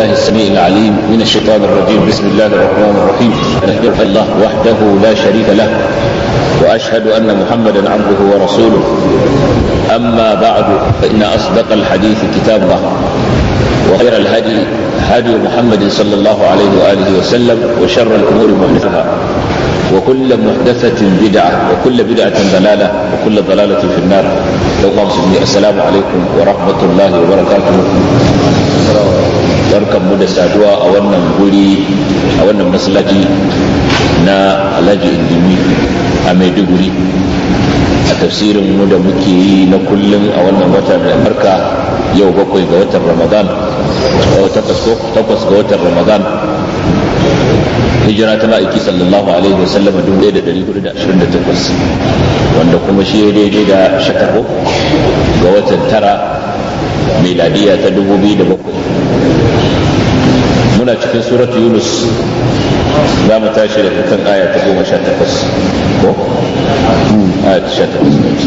الله السميع العليم من الشيطان الرجيم بسم الله الرحمن الرحيم نحمد الله وحده لا شريك له واشهد ان محمدا عبده ورسوله اما بعد فان اصدق الحديث كتاب الله وخير الهدي هدي محمد صلى الله عليه واله وسلم وشر الامور محدثاتها وكل محدثة بدعة وكل بدعة ضلالة وكل ضلالة في النار لو قام السلام عليكم ورحمة الله وبركاته barkan mu da saduwa a wannan guri a wannan masallaci na alhaji indimi a maiduguri a tafsirin mu da muke yi na kullum a wannan watan da barka yau bakwai ga watan ramadan takwas ga watan ramadan hijira ta ma'aiki sallallahu alaihi wasallam 1428 wanda kuma shi ya daidai da shakako ga watan tara miladiya ta 2007 muna cikin surat yunus za mu tashi da kan aya ta goma sha takwas ko? Hmm, aya ta sha takwas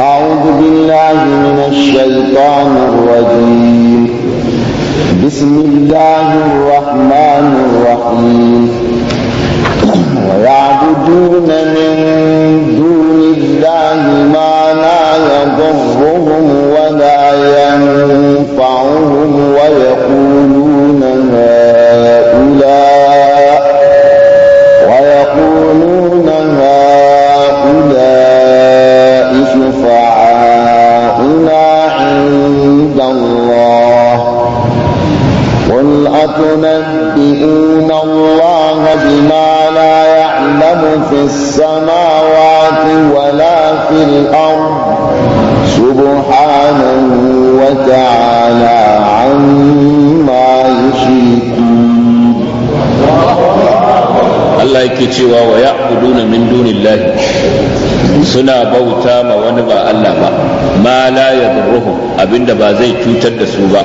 أعوذ بالله من الشيطان الرجيم بسم الله الرحمن الرحيم ويعبدون من دون الله ما لا يضر أتنبئون الله بما لا يعلم في السماوات ولا في الأرض سبحانه وتعالى عما يشركون الله يكتوى ويعبدون من دون الله suna bauta ma wani ba Allah ba ma la yadurruhum abinda ba zai cutar da su ba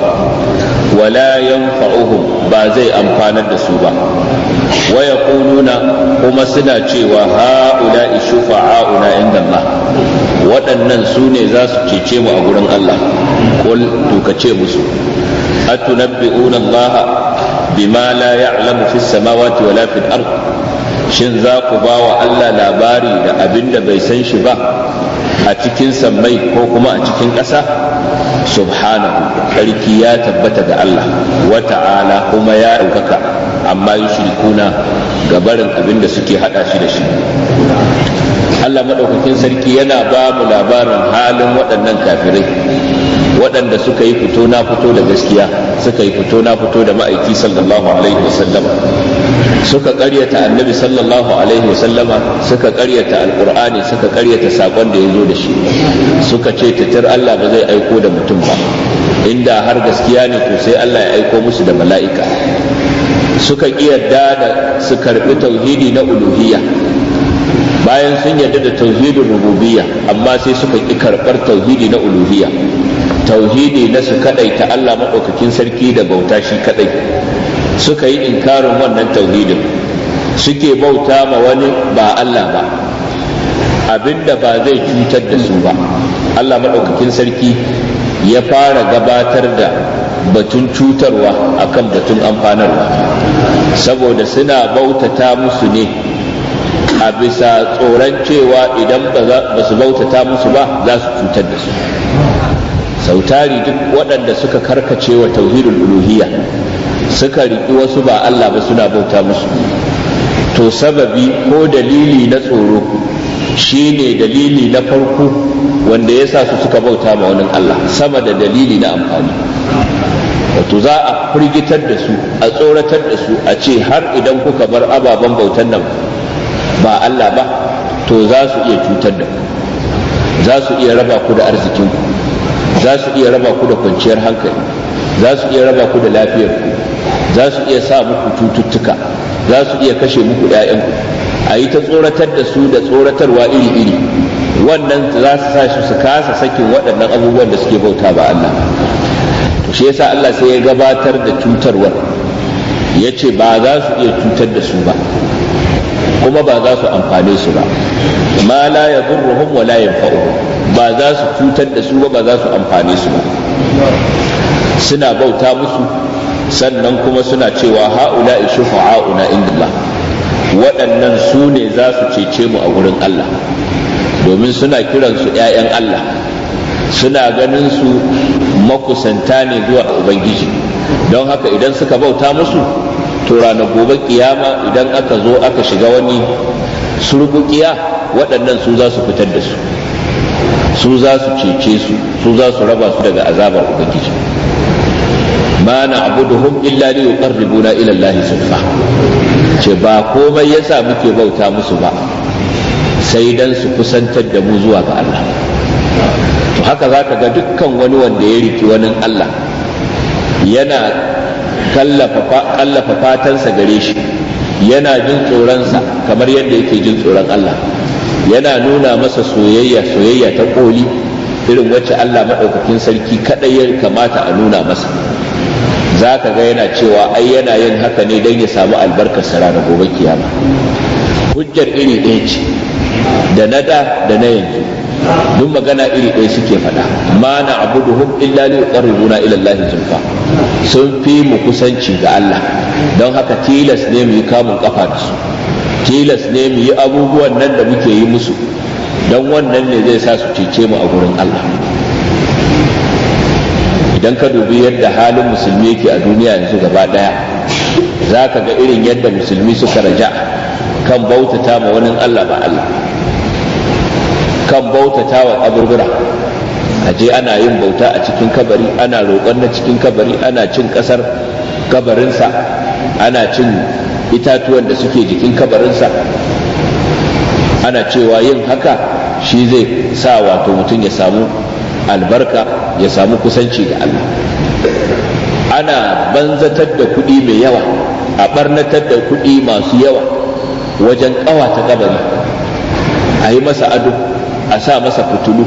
wala yanfa'uhum ba zai amfanar da su ba wa yaquluna kuma suna cewa ha'ula'i shufa'auna inda waɗannan su ne za su cece mu a gurin Allah ko tukace musu atunabbi'una Allah bima la ya'lamu fis samawati wala fil ard shin za ku ba wa Allah labari da abin da bai san shi ba a cikin sammai ko kuma a cikin ƙasa subhanahu sarki ya tabbata ga Allah Wata'ala kuma ya ɗaukaka amma yushrikuna ga barin abin da suke haɗa shi da shi Allah madaukakin sarki yana ba mu labarin halin waɗannan kafirai waɗanda suka yi fito na fito da gaskiya suka yi fito na fito da ma'aiki sallallahu alaihi wasallama suka karyata annabi sallallahu alaihi wasallama suka karyata alkur'ani suka karyata saƙon da ya zo da shi suka ce tatar Allah ba zai aiko da mutum ba inda har gaskiya ne to sai Allah ya aiko musu da mala'ika suka yarda da su karbi tauhidi na uluhiyya bayan sun yarda da tauhidin rububiyya amma sai suka ƙi karɓar tauhidi na uluhiyya tauhidi na su ta Allah maɗaukakin sarki da bauta shi kadai suka yi inkarin wannan tauhidin suke bauta ma wani ba Allah ba abinda ba zai cutar da su ba Allah maɗaukakin sarki ya fara gabatar da batun cutarwa akan batun amfanarwa saboda suna bautata musu ne a bisa tsoron cewa idan ba su bautata musu ba za su cutar da su sautari duk waɗanda suka karkace wa tauhidul uluhiyya suka riƙi wasu ba Allah ba suna bauta musu to sababi ko dalili na tsoro shi ne dalili na farko wanda ya sa su suka bauta ma wani Allah sama da dalili na amfani wato za a firgitar da su a tsoratar da su a ce har idan kuka bar ababen bautan nan ba Allah ba to za su iya cutar da ku za su iya raba ku da arzikinku za su iya raba ku da kwanciyar hankali za su iya raba ku da lafiyar ku za su iya sa muku cututtuka za su iya kashe muku ku a yi ta tsoratar da su da tsoratarwa iri-iri wannan za su sa su su kasa sakin waɗannan abubuwan da suke bauta ba Allah to shi yasa Allah sai ya gabatar da cutarwar ya ce ba za su iya cutar da su ba kuma ba za su amfane su ba ma la yadurruhum wa la yanfa'uhum ba za su cutar da su ba ba za su amfane su ba suna bauta musu sannan kuma suna cewa ha'ula ha'una indallah waɗannan su ne za su cece mu a wurin Allah domin suna kiransu 'ya'yan Allah suna ganin su makusanta ne zuwa Ubangiji don haka idan suka bauta musu to ranar gobe kiyama idan aka zo aka shiga wani surkukiya waɗannan su za su fitar da su su za su cece su su za su raba su daga azabar ubangiji ma na'buduhum illa li yuqarribuna ila allahi zulfa ce ba komai yasa muke bauta musu ba sai dan su kusantar da mu zuwa ga Allah to haka za ka ga dukkan wani wanda ya riki wani Allah yana kallafa fatansa gare shi yana jin tsoronsa kamar yadda yake jin tsoron Allah yana nuna masa soyayya soyayya ta koli irin wacce Allah maɗaukakin sarki kaɗai ya kamata a nuna masa za ka ga yana cewa ai yana yin haka ne don ya samu albarkar sara da gobe kiyama hujjar iri ɗaya ce da na da da na yanzu duk magana iri ɗaya suke faɗa ma na abuduhum illa li yuqarribuna ila Allah zulfa sun fi mu kusanci ga Allah don haka tilas ne mu yi kamun kafa da su tilas ne mu yi abubuwan nan da muke yi musu don wannan ne zai sa su cece mu a gurin Allah idan ka dubi yadda halin musulmi yake a duniya yanzu gaba daya za ka ga irin yadda musulmi suka raja kan bautata ma wani Allah ba Allah kan bautata wa kaburbura a je ana yin bauta a cikin kabari ana roƙon na cikin kabari ana cin ƙasar kabarinsa ana cin itatuwan da suke jikin kabarinsa ana cewa yin haka shi zai sa wato mutum ya samu albarka ya samu kusanci da Allah ana banzatar da kuɗi mai yawa a ɓarnatar da kuɗi masu yawa wajen ta kabari a yi masa ado a sa masa fitulu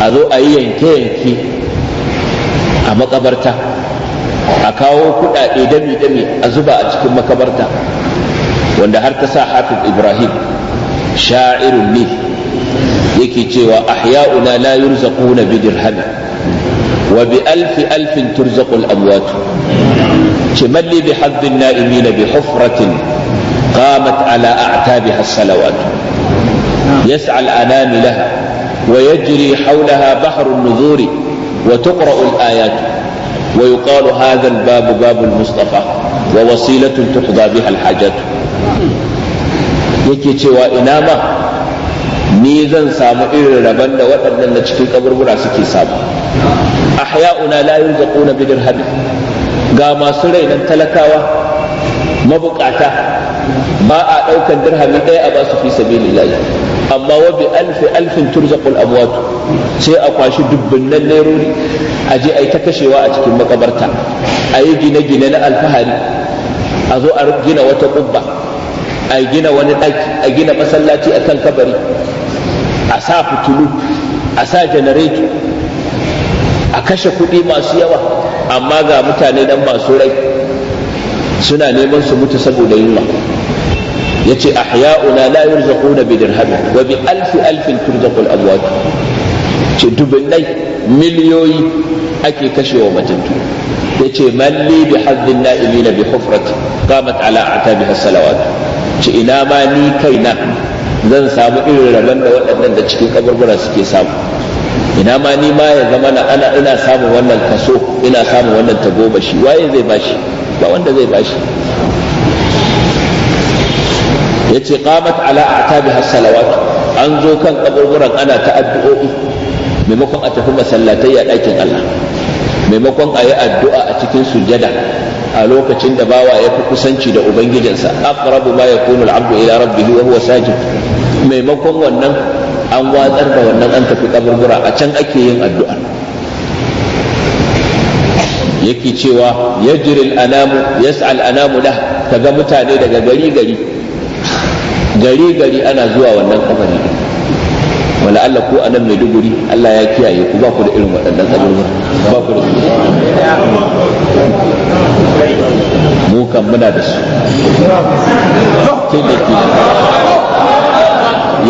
a zo a yi yanke-yanke a makabarta a kawo kuɗaɗe dami-dami a zuba a cikin makabarta wanda har ta sa hafiz ibrahim sha'irun ne yake cewa ahya'una la yurzaquna bi dirhami wa bi alfi alfin turzaqul amwat ce malli bi haddin na'imina bi hufratin qamat ala a'tabiha as-salawat yas'a al-anami laha wa yajri ويجري حولها بحر النذور وتقرأ الآيات ويقال هذا babu باب المصطفى ووسيلة تقضى بها الحاجات yake cewa ina ma ni zan samu irin rabon da waɗannan na cikin kaburbura suke samu ahya'una la yurzaquna bi dirham ga masu rainan talakawa mabukata ba a ɗaukan dirhami ɗaya a basu fi sabilillahi amma wa bi alfi alfin turzaqul amwat sai a kwashi dubbunan nerori a je a yi ta kashewa a cikin makabarta a yi gine-gine na alfahari a zo a gina wata kubba a gina wani ɗaki a gina masallaci a kan kabari a sa fitulu a sa janareto a kashe kuɗi masu yawa amma ga mutane nan masu rai suna neman su mutu saboda yunwa yace ahya'una la yurzaquna bi dirham wa bi alfi alfin turzaqu al ce dubunnai miliyoyi ake kashewa matattu ce, malli bi haddin na'imina bi hufrat qamat ala atabiha salawat ce ina ma ni na? zan samu irin rabon da waɗannan da cikin kaburbura suke samu ina ma ni ma ya zama na ana ina samun wannan kaso ina samun wannan tagomashi waye zai bashi ba wanda zai bashi ya ce qamat ala atabi salawat an zo kan kaburburan ana ta addu'o'i maimakon a tafi masallatai a ɗakin Allah maimakon a yi addu'a a cikin sujada a lokacin da bawa ya fi kusanci da ubangijinsa aqrabu ma yakunu al ila rabbihi wa huwa sajid maimakon wannan an watsar da wannan an tafi kaburbura a can ake yin addu'a yake cewa ya al-anamu yas'al anamu ta ga mutane daga gari gari gari gari ana zuwa wannan kabari wala Allah ko anan mai duguri Allah ya kiyaye ku ba ku da irin waɗannan kaburbura ba ku da su mu kan muna da su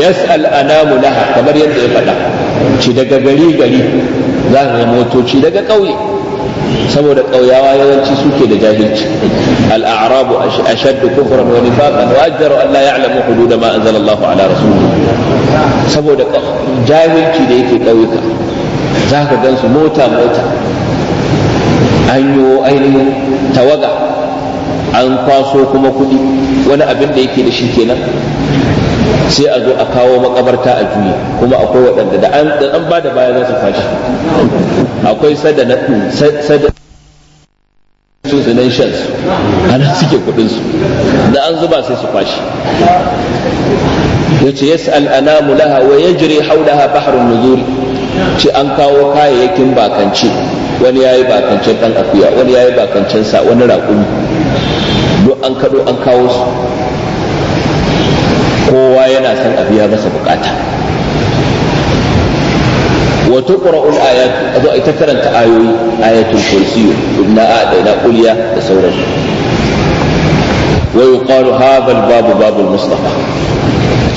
yas'al anamu laha kamar yadda ya faɗa ci daga gari gari za ka ga motoci daga ƙauye saboda ƙauyawa yawanci suke da jahilci al'arabu ashaddu kufran wa nifaqan wa ajdaru an la ya'lamu hudud ma anzala ala rasulih saboda jahilci da yake ƙauyuka zaka gansu mota mota an yi ainihin tawaga an kwaso kuma kuɗi wani abin da yake da shi kenan sai a zo a kawo makabarta a juyi kuma akwai waɗanda da an da an ba da baya za su fashi akwai sada na sada su donations ana suke kuɗin su da an zuba sai su fashi yace yas'al anamu laha wa yajri hawlaha bahrun nuzuri ce an kawo kayayyakin bakance wani yayi bakancen dan akuya wani yayi bakancen sa wani raƙumi duk an kado an kawo su kowa yana son a biya masa bukata wa tuqra'ul ayat ita karanta ayoyi ayatul kursi da a'dana qulya da sauransu wai yuqalu habal babu babu mustafa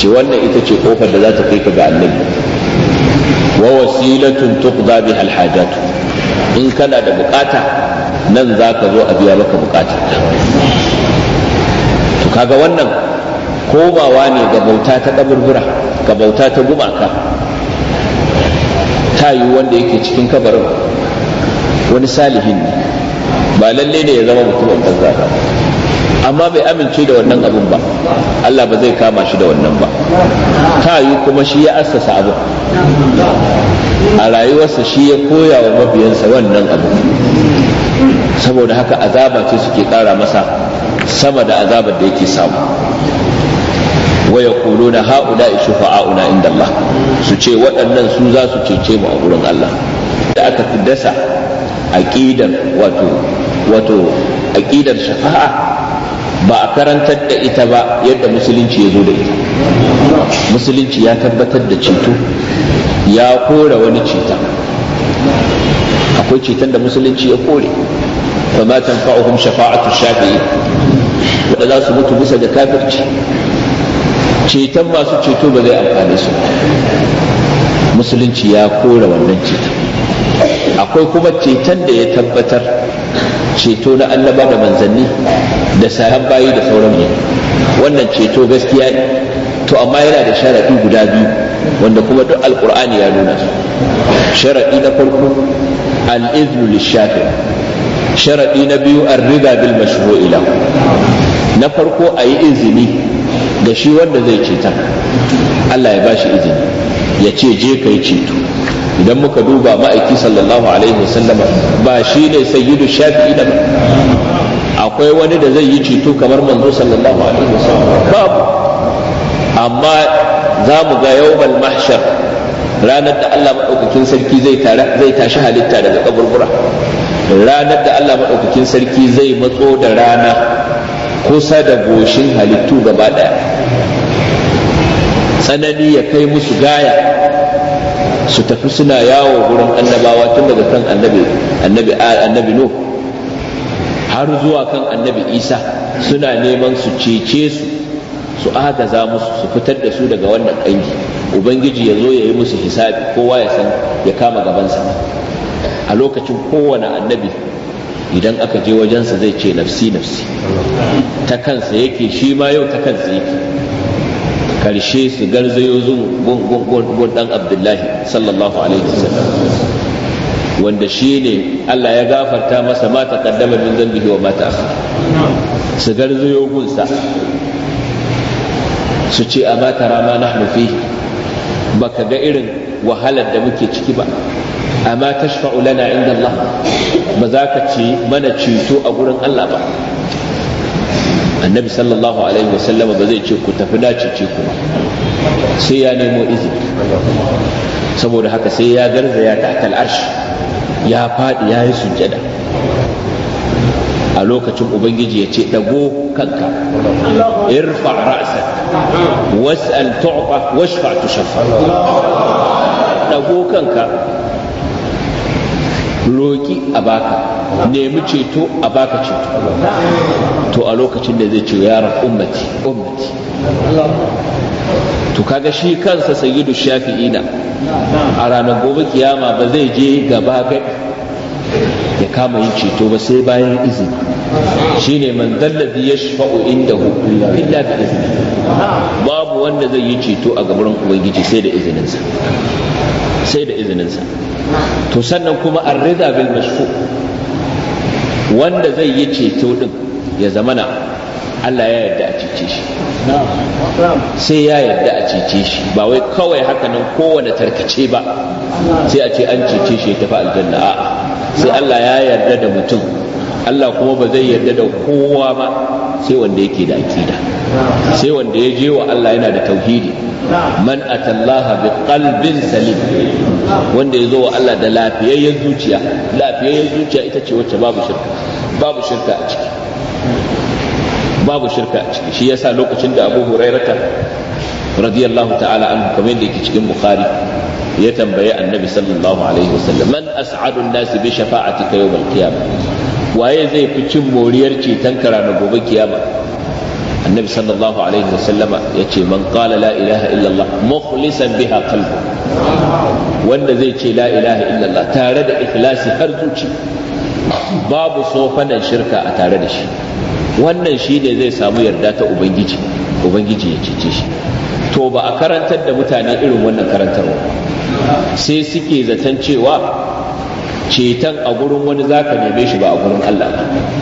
ce wannan ita ce kofar da za ta kai ka ga annabi wa wasilatun tuqda biha al in kana da bukata nan za ka zo a biya maka bukata ka to kaga wannan komawa ne ga bauta ta ɗaburbura ga bauta ta gumaka ta yi wanda yake cikin kabarin wani salihin ne ba lalle ne ya zama mutumin banza ba amma bai amince da wannan abun ba Allah ba zai kama shi da wannan ba ta yi kuma shi ya assasa abu a rayuwarsa shi ya koya wa mabiyansa wannan abu saboda haka azaba ce suke kara masa sama da azabar da yake samu wa yaquluna haula shufa'auna inda Allah su ce waɗannan su za su cece mu a gurin Allah da aka dasa aqidar wato wato aqidar shafa'a ba a karantar da ita ba yadda musulunci ya zo da ita musulunci ya tabbatar da ceto ya kora wani ceta akwai ceton da musulunci ya kore fa ma tanfa'uhum shafa'atu shafi'i wanda za su mutu bisa da kafirci Cetan masu ceto ba zai amfane su musulunci ya kora wannan ceton akwai kuma cetan da ya tabbatar ceto na annaba da manzanni da sayan bayi da sauran ne wannan ceto gaskiya ne to amma yana da sharaɗi guda biyu wanda kuma duk alkur'ani ya nuna su sharaɗi na farko al'iznu lishafi sharaɗi na biyu an riga bil mashru'i ila na farko a yi izini ga shi wanda zai ceta Allah ya bashi izini ya ce je ka yi ceto idan muka duba ma'aiki sallallahu alaihi wasallama ba shi ne sayyidu shafi'i da ba akwai wani da zai yi ceto kamar manzo sallallahu alaihi wasallama babu amma za mu ga yawmal mahshar ranar da Allah maɗaukakin sarki zai tashi halitta daga kaburbura ranar da Allah maɗaukakin sarki zai matso da rana kusa da goshin halittu gaba ɗaya tsanani ya kai musu gaya su tafi suna yawo wurin annabawa tun daga kan annabi annabi har zuwa kan annabi isa suna neman su cece su su agaza musu su fitar da su daga wannan ƙangi ubangiji ya zo ya yi musu hisabi kowa ya san ya kama gabansa a lokacin kowane annabi idan aka je wajensa zai ce nafsi nafsi ta kansa yake shi ma yau ta kansa yake karshe su garzayo gun dan abdullahi sallallahu alaihi wasallam wanda shi ne Allah ya gafarta masa ma ta kaddama min zambihi wa ma ta su garzayo gunsa su ce a mata rama na nufi ba baka ga irin wahalar da muke ciki ba amma tashfa'u lana inda Allah ba za ka ci mana ceto a gurin Allah ba annabi sallallahu alaihi wasallama ba zai ce ku tafi na cece ku ba sai ya nemo izini saboda haka sai ya garzaya ta akal arshi ya faɗi ya yi sujjada a lokacin ubangiji ya ce dago kanka irfa ra'sak was'al tu'ta washfa tushaffa dago kanka roƙi a baka nemi ceto a baka ceto to a lokacin da zai ce yaran ummati ummati to kaga shi kansa sayyidu shafi'ina a ranar gobe kiyama ba zai je gaba gadi ya kama yin ceto ba sai bayan izini shine man dalladhi inda indahu illa bi izini babu wanda zai yi ceto a gaban ubangiji sai sai da izininsa to sannan kuma rida bil mashfu wanda zai yi ceto din ya zamana Allah ya yarda a cece shi sai ya yarda a cece shi ba wai kawai haka nan kowane tarkace ba sai a ce an cece shi ya tafi aljanna a'a sai Allah ya yarda da mutum Allah kuma ba zai yarda da kowa ba sai wanda yake da akida sai wanda ya je wa Allah yana da tauhidi man atallaha bi qalbin salim wanda ya zo wa Allah da lafiyayyen zuciya lafiyayyen zuciya ita ce wacce babu shirka babu shirka a ciki babu shirka a ciki shi yasa lokacin da Abu Hurairata radiyallahu ta'ala anhu kamar yadda yake cikin Bukhari ya tambayi annabi sallallahu alaihi wasallam man as'adun nasi bi shafa'atika yawm al-qiyamah waye zai fi cin moriyar ceton na gobe kiyama annabi sallallahu alaihi wasallama ya ce man qala la ilaha illallah mukhlisan biha qalbu wanda zai ce la ilaha illallah tare da ikhlasi har zuci babu sofanan shirka a tare da shi wannan shi ne zai samu yarda ta ubangiji ubangiji ya cece shi to ba a karantar da mutane irin wannan karantarwa sai suke zaton cewa ceton a gurin wani za ka neme shi ba a gurin Allah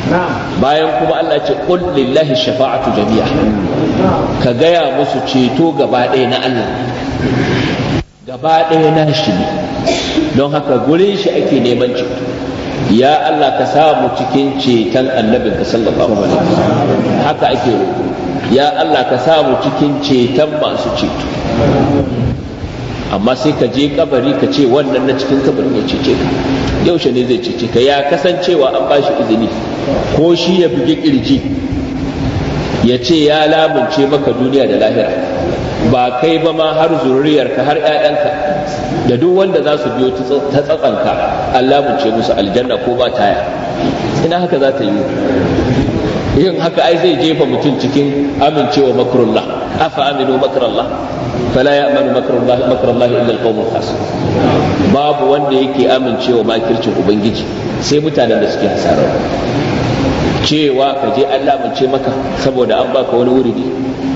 ba bayan kuma Allah ce kun lillahi shafa'atu jami'a ka gaya musu ceto gaba ɗaya na Allah gaba ɗaya na shi ne don haka gurin shi ake neman ceto ya Allah ka samu cikin ceton annabin ka sallallahu alaihi haka ake roƙo ya Allah ka samu cikin ceton masu ceto amma sai ka je kabari ka ce wannan na cikin kabarin ya cece ka yaushe ne zai cece ka ya kasancewa an bashi izini ko shi ya bugi kirji ya ce ya lamunce maka duniya da lahira ba kai ba ma har zuriyarka har 'ya'yanka da duk wanda za su biyo ta tsatsanka an lamunce musu aljanna ko ba taya ina haka za ta yi yin haka ai zai jefa mutum cikin amincewa makarullah afa aminu makarullah fala ya'manu makrullahi illa alqawmul khasir babu wanda yake amincewa makircin ubangiji sai mutanen da suke hasarar cewa ka je an lamince maka saboda an baka wani wuri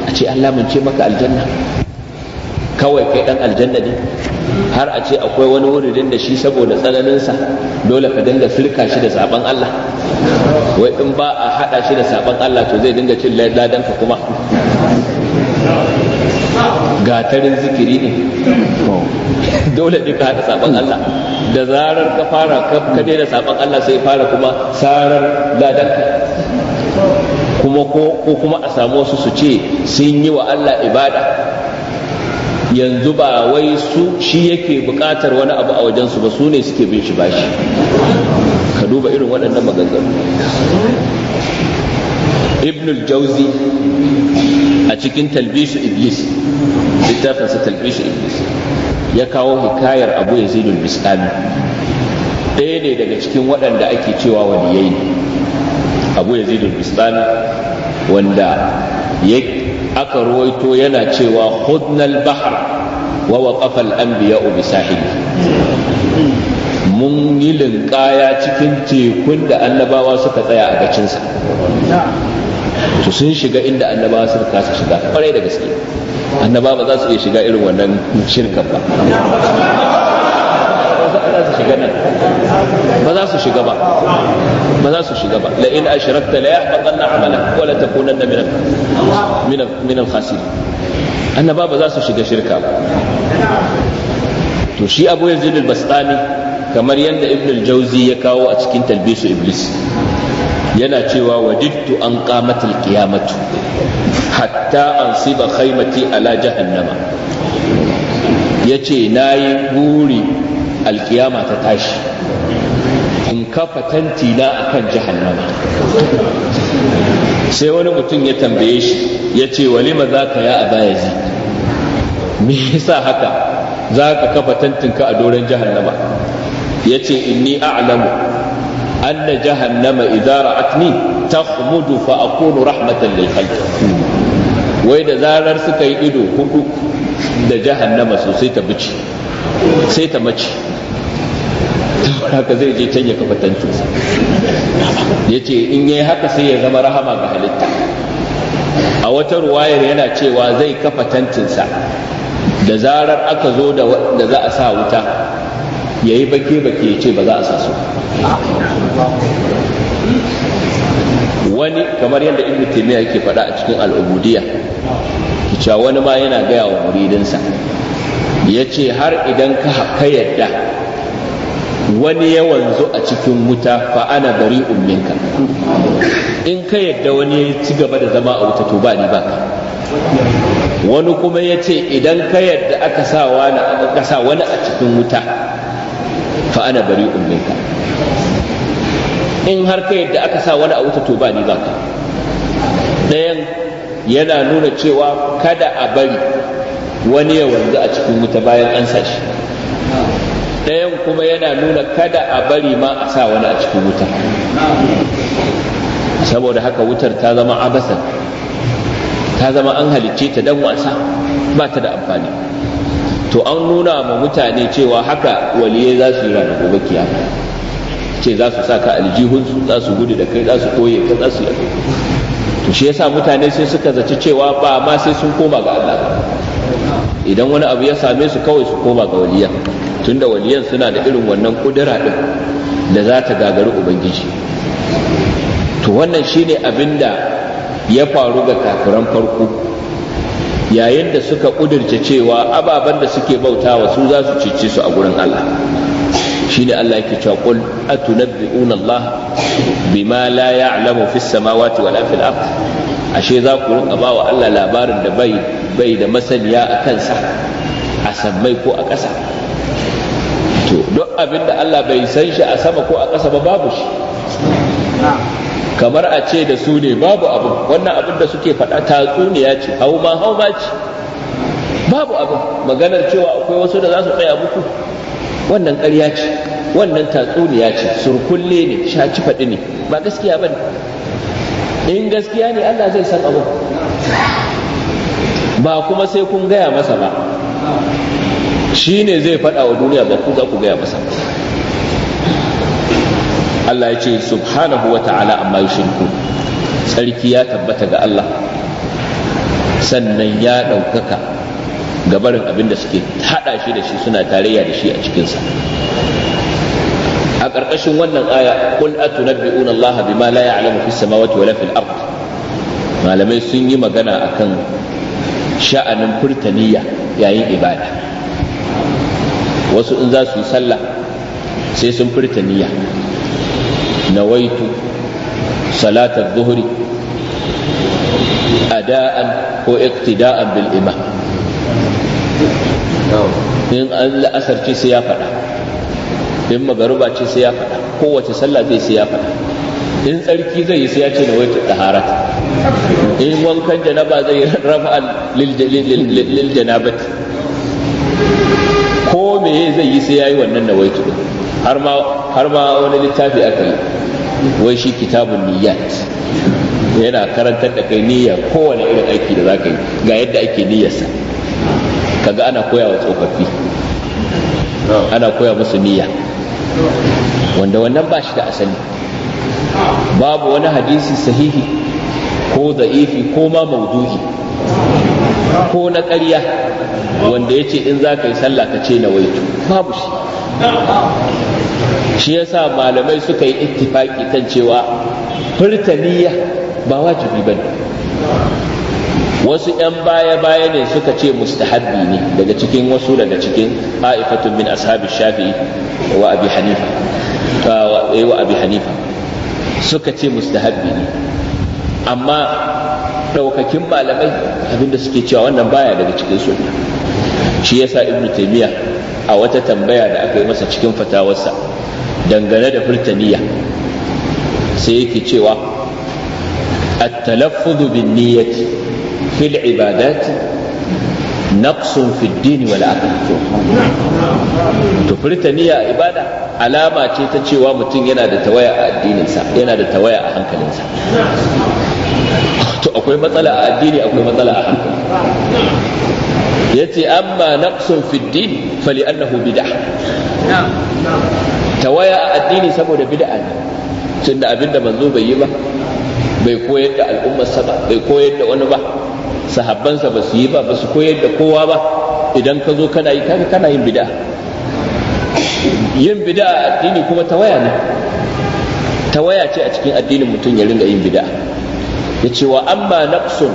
a ce an lamince maka aljanna kawai kai dan aljanna ne har a ce akwai wani wuri wuridin da shi saboda tsananinsa dole ka dinga firka shi da saban Allah wai in ba a hada shi da saban Allah to zai dinga cin ladan ka kuma gatarin zikiri ne dole ne ka haɗa saɓon Allah da zarar ka fara ka daina saɓon Allah sai fara kuma sarar ladan kuma ko kuma a samu wasu su ce sun yi wa Allah ibada yanzu ba wai su shi yake buƙatar wani abu a wajensu ba su ne suke bin shi bashi ka duba irin waɗannan maganganu ibnul jauzi a cikin talbisu iblis littafin sa talbisu iblis ya kawo hikayar abu ya zidul ɗaya ne daga cikin waɗanda ake cewa waliyai abu ya zidul wanda ya aka ruwaito yana cewa hudnal bahar wa waqafa al biya bi sahili mun yi linkaya cikin tekun da annabawa suka tsaya a gacinsa to sun shiga inda annabawa suka kasa shiga kwarai da gaske annaba ba za su iya shiga irin wannan shirkan ba ba za su shiga ba ba za su shiga ba la in ashrakta la yahbatanna amalak wa la takunanna min min min al khasir annaba ba za su shiga shirka ba to shi abu yazid al bastani kamar yadda ibn al jawzi ya kawo a cikin talbisu iblis yana cewa wadittu an qamatil qiyamatu hatta ansiba khaymati ala jahannama yace nayi buri alkiyama ta tashi in kafa tanti na akan jahannama sai wani mutum ya tambaye shi ya ce walima za ka ya aba me yasa haka za ka kafa tantinka a doron jahannama ya ce inni a'lamu أن jahannama إذا رأتني تخمد fa رحمة rahmatan وإذا khalq wai da zarar suka yi ido hudu da jahannama sosai ta bici sai ta mace haka zai je can ya kafa tantinsa ya ce in yi haka sai ya zama rahama ga halitta a wata ruwayar yana cewa zai kafa tantinsa da zarar aka zo da za a sa wuta ya yi bake bake ce ba za a sa su wani kamar yadda ibn taymiya yake faɗa a cikin al'ubudiyya kica wani ma yana gaya wa muridinsa ya ce har idan ka yadda wani ya wanzu a cikin wuta fa ana bari umminka in ka yadda wani ya ci gaba da zama a wuta to ba ni ba wani kuma ya ce idan ka yadda aka sa wani a cikin wuta fa ana bari'un in har ka yadda aka sa wani a wuta to ba ni ba ka ɗayan yana nuna cewa kada a bari wani ya wanzu a cikin wuta bayan an sa shi ɗayan kuma yana nuna kada a bari ma a sa wani a cikin wuta saboda haka wutar ta zama abasan ta zama an halicce ta dan wasa ba ta da amfani to an nuna ma mutane cewa haka waliyai za su yi ranar gobe kiyama ce za su sa ka aljihun su, za su gudu da kai za su koye ka za su yi to shi yasa mutane sai suka zaci cewa ba ma sai sun koma ga Allah idan wani abu ya same su kawai su koma ga waliya tunda waliyan suna da irin wannan kudura din da za ta gagari ubangiji to wannan shine abinda ya faru ga kafiran farko yayin da suka ƙudurce cewa ababen da suke bautawa su za su cece su a gurin Allah shine Allah yake cewa qul atunabbi'una Allah bima la ya'lamu fis samawati wala fil ard ashe za ku rinka bawa Allah labarin da bai bai da masaniya a kansa a sammai ko a ƙasa to duk abin da Allah bai san shi a sama ko a ƙasa ba babu shi kamar a ce da su ne babu abu wannan abin da suke faɗa tatsuniya ce hau hauma ce babu abu maganar cewa akwai wasu da za su tsaya muku wannan ƙarya ce wannan tatsuniya ce surkulle ne shaci faɗi ne ba gaskiya ba in gaskiya ne Allah zai san abu ba kuma sai kun gaya masa ba shi ne zai faɗa wa duniya ba ku za ku gaya masa ba Allah ya ce subhanahu wa ta'ala amma yushriku sarki ya tabbata ga Allah sannan ya ɗaukaka gabarin abinda abin da suke haɗa shi da shi suna tarayya da shi a cikinsa a ƙarƙashin wannan aya qul atunabbi'una Allah bima la ya'lamu fis samawati wala fil ard malamai sun yi magana akan sha'anin furtaniya yayin ibada wasu in za su yi sallah sai sun furtaniya niyya nawaitu salatar zuhri ada'an ko iktida'an bil imam in an la'asar ce ya faɗa in magaruba ce ya faɗa kowace sallah zai sai ya faɗa in tsarki zai yi sai ya ce na wata tahara zai ko me zai yi sai ya yi wannan har ma wani littafi aka yi wai shi kitabun niyyat yana karantar da kai niyya kowane irin aiki da zaka yi ga yadda ake niyyarsa kaga ana koya wa tsofaffi ana koya musu niyya wanda wannan ba shi da asali babu wani hadisi sahihi ko za'ifi ko ma mauduhi, ko na ƙarya wanda ya ce in za ka yi sallah ka ce na waitu babu shi shi yasa malamai suka yi ittifaki kan cewa furta ba wajibi ba ne. wasu 'yan baya-baya ne suka ce mustahabbi ne daga cikin wasu daga cikin haifatun min ashabi shafi wa abi hanifa eh, wa abi hanifa suka ce mustahabbi ne amma ɗaukakin malamai abinda suke cewa wannan baya daga cikin sunna shi yasa ibnu taymiya a wata tambaya da aka yi masa cikin fatawarsa dangane da furtaniya sai yake cewa at-talaffuz bin niyyati fil ibadati naqsun fi ad-din wal aql to furtaniya ibada alama ce ta cewa mutum yana da tawaya a addininsa yana da tawaya a hankalinsa to akwai matsala a addini akwai matsala a hankali yace amma naqsun fi din fali annahu bid'ah tawaya a addini saboda bid'a ne tunda abinda manzo bai yi ba bai koyar da al'ummar ba bai koyar da wani ba sahabbansa ba su yi ba ba su koyar da kowa ba idan ka zo kana yi kaga kana yin bid'a yin bid'a a addini kuma tawaya ne tawaya ce a cikin addinin mutum ya rinda yin bid'a yace wa amma naqsun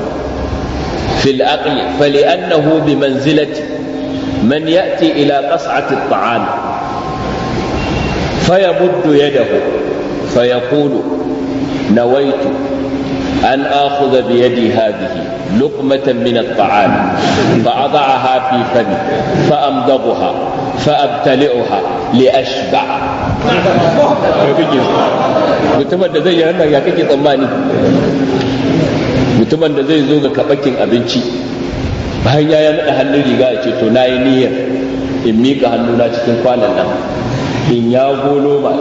في الأكل فلأنه بمنزلة من يأتي إلى قصعة الطعام فيمد يده فيقول نويت أن آخذ بيدي هذه لقمة من الطعام فأضعها في فمي فأمضغها fa'abtali'uha li ashba kai mutumin da zai yi hannun ya kake tsammani mutumin da zai zo ga kabakin abinci bayan ya naɗa hannun riga ya ce to na yi niyyar in miƙa hannuna cikin kwanan nan in ya golo ba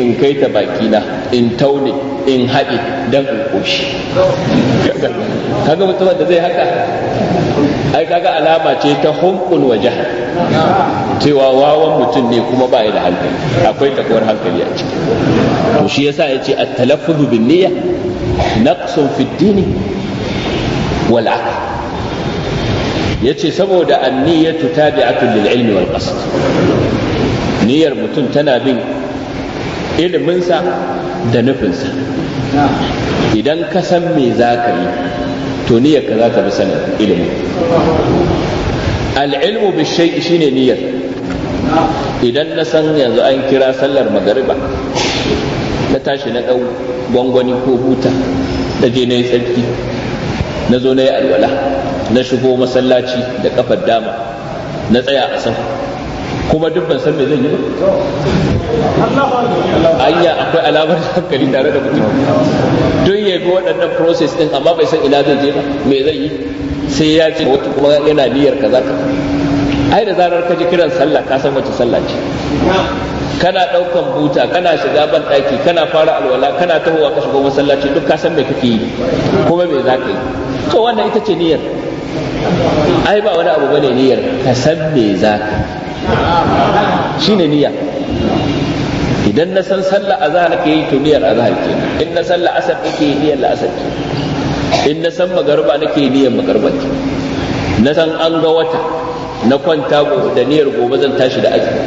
in kai ta bakina in taune in haɗe don in ƙoshi kaga mutumin da zai haka ai kaga alama ce ta hunkun waje cewa wawan mutum ne kuma ba da hankali akwai takwar hankali a ciki to shi yasa yace at-talaffuz bin niyya naqsun fi dini wal aql yace saboda an-niyyatu tabi'atun lil ilmi wal qasd niyyar mutum tana bin iliminsa da nufinsa idan ka san me za ka yi to niyyar ka za ta bi sanin ilimi al'ilmu shi shine niyyar idan na san yanzu an kira sallar magariba na tashi na ɗau gwangwani ko buta na je na yi tsarki na zo na yi alwala na shigo masallaci da kafar dama na tsaya a sahu kuma duk ban san me zan yi ba anya akwai alamar hankali tare da mutum don ya bi waɗannan process din amma bai san ina zai je ba me zai yi sai ya ce wata kuma yana niyyar kaza ka ai da zarar ka ji kiran sallah ka san wace sallah ce kana ɗaukan buta kana shiga ban ɗaki kana fara alwala kana tahowa ka shigo masallaci duk ka san me kake yi kuma me za ka yi to wannan ita ce niyyar ai ba wani abu bane niyyar ka san me za ka yi? Shi ne niyya idan na san a zahar ke yi to niyyar zahar ke in na sallar asar ke yi niyyar asar ke in na san magarba nake niyyar magarba ke na san an ga wata na kwanta da niyyar gobe zan tashi da azumi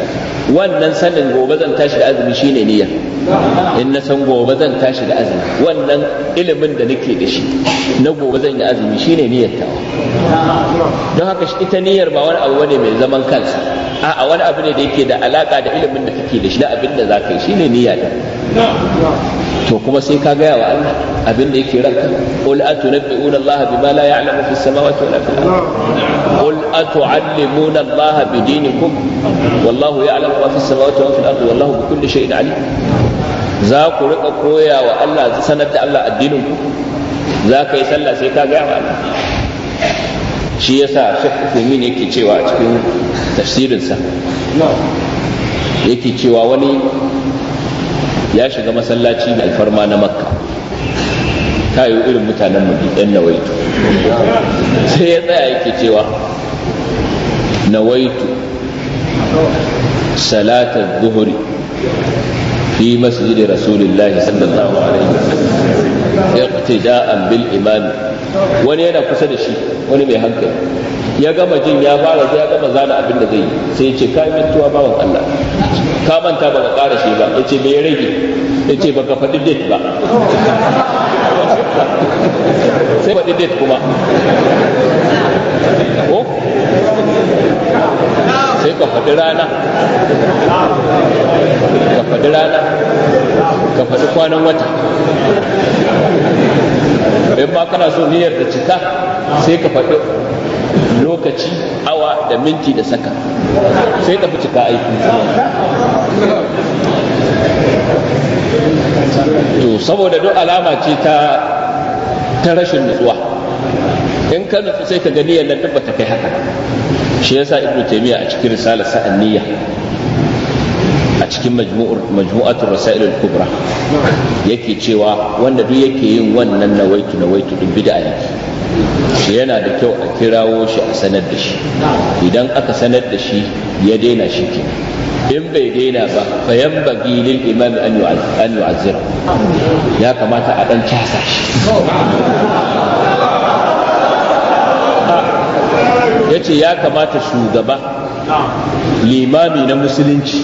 wannan sanin gobe zan tashi da azumi shine niyya in na san gobe zan tashi da azumi wannan ilimin da nake da shi na gobe zan yi azumi shine niyyar ta don haka ita niyyar ba wani abu bane mai zaman kansa a'a wani abu ne da yake da alaka da ilimin da kake da shi da abin da zaka yi shine niyya ta to kuma sai ka gaya wa Allah abin da yake ranka qul atunabbi'una Allah bima la ya'lamu fis samawati wala fil ardi qul atu'allimuna Allah bidinikum wallahu ya'lamu ma fis samawati wa fil ardi wallahu bi kulli shay'in alim za ku rika koya wa Allah sanar da Allah addinin ku za ka yi sallah sai ka gaya wa Allah shi yasa Sheikh Uthaymeen yake cewa a cikin tafsirinsa yake cewa wani ya shiga masallaci mai alfarma na makka ta yi irin mutanen mu yan nawaitu sai ya tsaya yake cewa nawaitu salatar zuhuri في sallallahu alaihi الله صلى الله عليه وسلم bil بالإمام wani yana kusa da shi wani mai hankali ya gama jin ya fara ya gama zana abin da zai yi sai ya ce ka yi mintuwa bawan Allah ka manta ba ka ƙara shi ba ya ce me ya rage ya ce ba ka faɗi date ba sai faɗi date kuma sai ka faɗi rana ka faɗi rana ka faɗi kwanan wata in ma kana so niyyar da cika sai ka faɗi lokaci awa da minti da saka sai ka fi cika aiki to saboda duk alama ce ta ta rashin nutsuwa in ka nutsu sai ka gani yadda duk ta kai haka shi yasa ibnu taymiya a cikin risalar sa'an a cikin majmu'atul rasail al-kubra yake cewa wanda duk yake yin wannan nawaitu nawaitu duk bid'a yake shi yana da kyau a kirawo shi a sanar da shi idan aka sanar da shi ya daina shi ke in bai daina ba fa yanbaghi lil imam an yu'azzira ya kamata a dan casa shi yace ya kamata shugaba limami na musulunci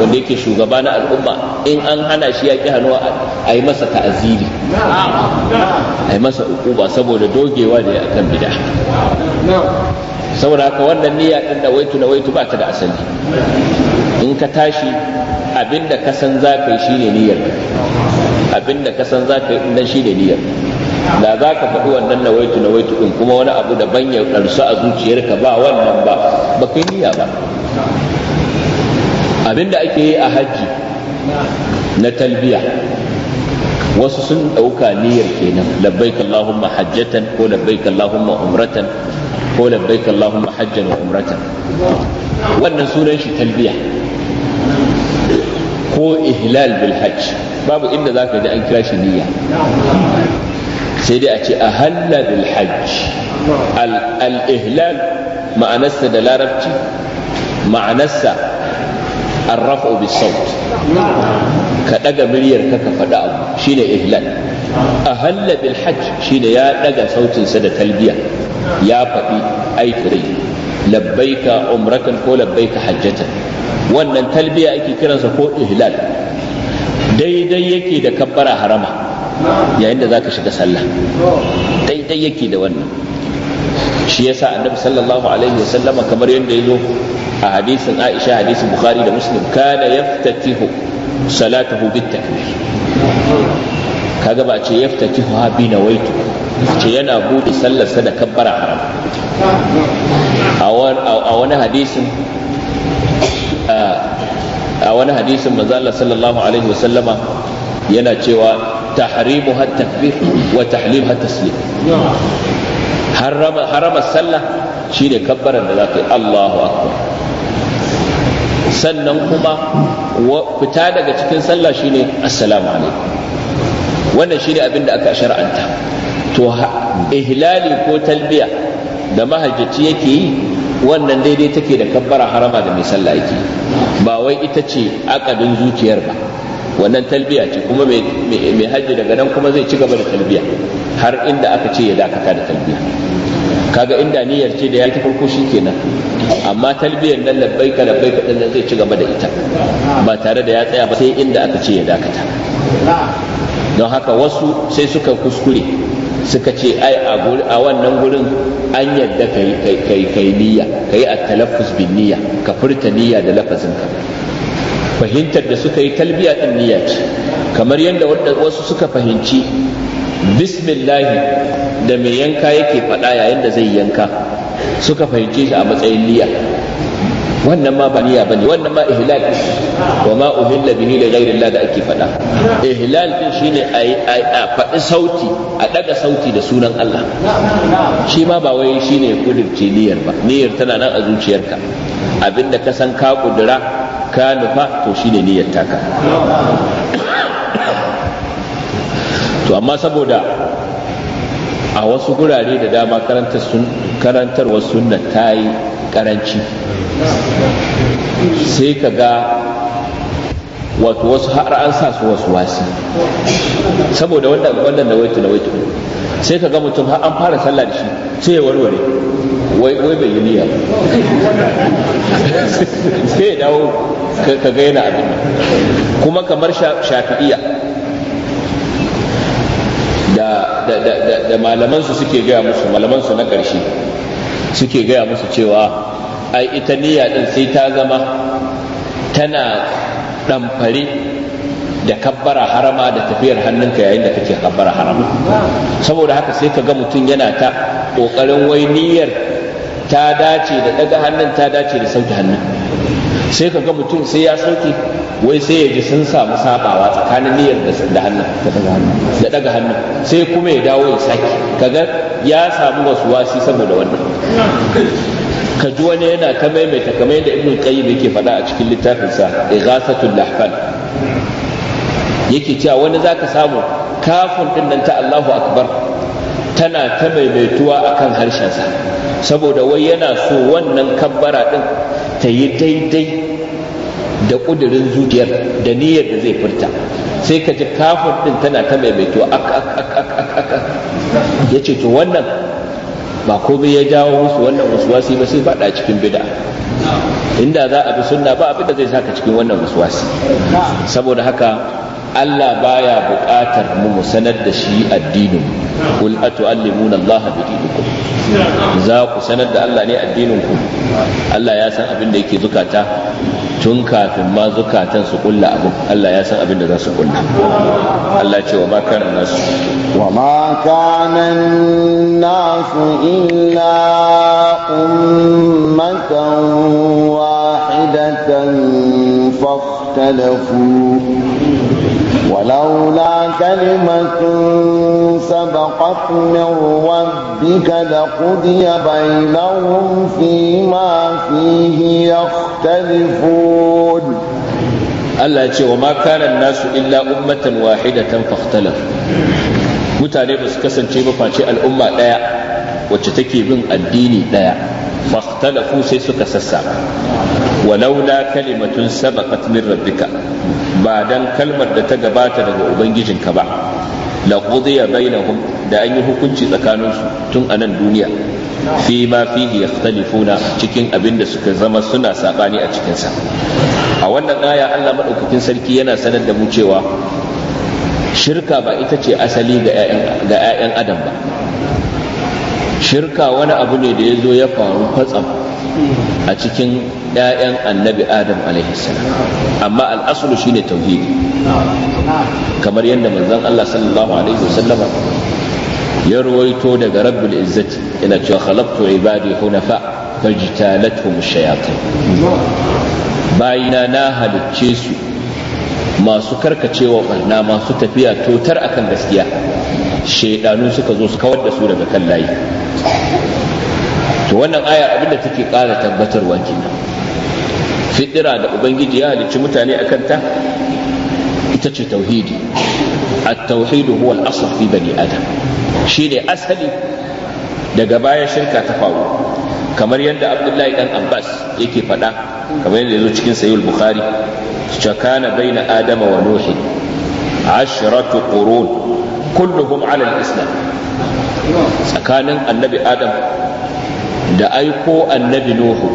wanda yake shugaba na al'umma in an hana shi ya ki hannuwa a yi masa ta'azili a yi masa ukuba saboda dogewa da ya akan bida saboda haka wannan niyya ɗin da waitu na waitu ba ta da asali in ka tashi abinda ka san za ka yi ne niyyar abinda ka san za ka yi nan ne niyyar da za ka faɗi wannan na waitu na waitu ɗin kuma wani abu daban ya ɗarsu a zuciyarka ba wannan ba ba kai niyya ba abinda ake yi a hajji na talbiya wasu sun ɗauka niyyar kenan labbaik Allahumma hajjatan ko labbaik Allahumma umratan ko labbaik Allahumma hajjan wa umratan wannan sunan shi talbiya ko ihlal bil hajj babu inda zaka ji an kira shi niyya sai dai a ce a halla bil hajj al-ihlal ma'anarsa da larabci ma'anarsa arrafa bis saut ka ɗaga miliyar ka ka faɗa abu ne ihlal a halla bil shi ne ya ɗaga sautinsa da talbiya ya faɗi aikirai labbaika umratan ko labbaika hajjatan wannan talbiya ake kiransa ko ihlal daidai yake da kabbara harama yayin da za ka shiga sallah daidai yake da wannan shi yasa annabi sallallahu alaihi wasallama kamar yadda ya zo a hadisin aisha hadisin bukhari da muslim kana yaftatihu salatahu bitakbir kaga ba ce yaftatihu ha bi nawaitu ce yana bude sallarsa da kabbara haram a wani hadisin a wani hadisin manzo Allah sallallahu alaihi wasallama yana cewa tahrimuha takbir wa tahlilha taslim harama harama sallah shine kabbaran da zaka Allahu akbar sannan kuma fita daga cikin sallah shine assalamu alaikum wannan shine abin da aka shar'anta to ihlali ko talbiya da mahajjaci yake yi wannan daidai take da kabbara harama da mai sallah yake ba wai ita ce akadin zuciyar ba wannan talbiya ce kuma mai hajji daga nan kuma zai ci gaba da talbiya har inda aka ce ya dakata da talbiya kaga inda niyyar ce da yaki farko kenan amma talbiyar nan ka labbai ka nan zai ci gaba da ita ba tare da ya tsaya ba sai inda aka ce ya dakata don haka wasu sai suka kuskure suka ce ai a wannan gurin an yadda kai kai niyya kai at-talaffuz bin niyya ka furta niyya da lafazin ka. fahimtar da suka yi talbiya din niyya ce kamar yadda wasu suka fahimci bismillahi da mai yanka yake faɗa yayin da zai yanka suka fahimci shi a matsayin niyya wannan ma ba niyya bane wannan ma ihlal wa ma uhilla bihi da ghayri Allah da ake faɗa ihlal din shine a faɗi sauti a daga sauti da sunan Allah shi ma ba wai shine kudurci niyyar ba niyyar tana nan a zuciyarka abinda ka san ka kudura ka nufa to ne niyyar taka to amma saboda a wasu gurare da dama karantarwar sunna ta yi karanci sai ka ga wato wasu har an sa su wasu wasi saboda wanda da waitu da waitu sai ka ga mutum har an fara sallah da shi sai ya warware wai wai bai yi niyya sai ya dawo ka ga yana abin kuma kamar shafi'iya da da da da, da malaman su suke gaya musu malaman su na ƙarshe suke gaya musu cewa ai ita niyya din sai ta zama tana ɗamfare da kabbara harama da tafiyar hannunka yayin da kake kabbara harama saboda haka sai ka ga mutum yana ta kokarin wai niyyar ta dace da daga hannun ta dace da sauke hannun sai ka ga mutum sai ya sauke wai sai ya ji sun samu sabawa tsakanin niyyar da hannun da daga hannun sai kuma ya dawo ya sake kaga ya samu wasu wasi saboda wannan ka ji wani yana ta maimaita kamar yadda ibn qayyim yake faɗa a cikin littafinsa ighasatul lahfan yake cewa wani za ka samu kafin din nan ta Allahu akbar tana ta maimaituwa akan harshensa saboda wai yana so wannan kabbara ɗin ta yi daidai da ƙudurin zuciyar da niyyar da zai furta sai ka ji kafin din tana ta maimaituwa aka ya ce to wannan ba komai ya jawo musu wannan wasuwasi ba sai faɗa cikin bid'a inda za a bi sunna ba abin da zai saka cikin wannan wasuwasi saboda haka Allah baya buƙatar mu mu sanar da shi addinin kul atu'allimuna Allah bi dinikum za ku sanar da Allah ne addinin ku Allah ya san abin da yake zukata tun kafin ma zukatan su kulla abu. Allah ya san abin da za su kulla Allah ce wa ma kana nasu wa ma kana nasu illa ummatan wahidatan fakhtalafuu ولولا كلمة سبقت من ربك لقضي بينهم فيما فيه يختلفون الله يقول وما كان الناس إلا أمة واحدة فاختلفوا mutane ba su kasance ba face al'umma ɗaya wacce take bin addini ɗaya fahtalafu sai suka sassa walaula kalimatun sabaqat min rabbika ba dan kalmar da ta gabata daga ubangijinka ba la qudiya bainahum da an yi hukunci tsakaninsu tun a nan duniya fi ma fihi yakhtalifuna cikin abin da suka zama suna sabani a cikin sa a wannan aya Allah madaukakin sarki yana sanar da mu cewa shirka ba ita ce asali ga 'ya'yan adam ba shirka wani abu ne da ya zo ya faru kwatsam a cikin 'ya'yan annabi adam salam amma al'asulu shine tauhidi kamar yadda manzon Allah sallallahu alaihi wasallama ya ruwaito daga rabbul izzati yana cewa khalaqtu ibadi hunafa fajtalatuhum shayatin bayina na halicce su masu karkacewa barna masu tafiya totar akan gaskiya shaidanu suka zo su kawar da su daga kan layi to wannan aya abinda take ƙara tabbatarwa kenan fitira da ubangiji ya halicci mutane a kanta ita ce tauhidi at-tauhidu huwa al-asl fi bani adam shi ne asali daga baya shirka ta faru kamar yadda abdullahi dan abbas yake faɗa kamar yadda yazo cikin sayyid bukhari Cakana baina adama wa nuhi ashratu qurun kulluhum ala al-islam tsakanin annabi adam da aiko annabi nuhu